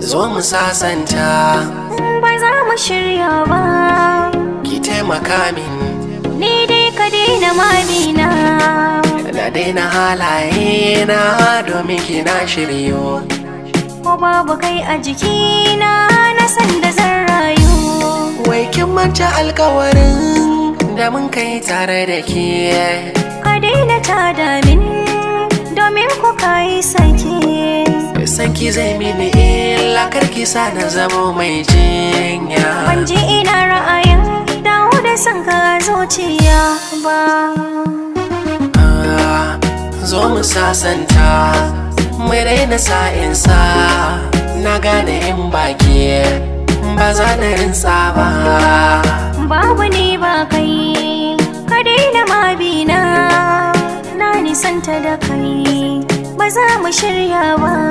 zo mu sasanta ba za mu shirya ba ki taimaka min ni dai ka daina mamina na daina halaye na domin kina shiryo ko babu kai a jikina na san da zan rayu wai kin manta alkawarin da mun kai tare da ke ka daina tada ki zai mini illa kar ki sa na zamo mai jinya ban ji ina ra'ayin dawo da san ka zuciya ba ah, zo mu sasanta mu raina sa na gane in baki ba za na rinsa ba babu ne ba kai ka daina bi na nisanta da kai ba za mu shirya ba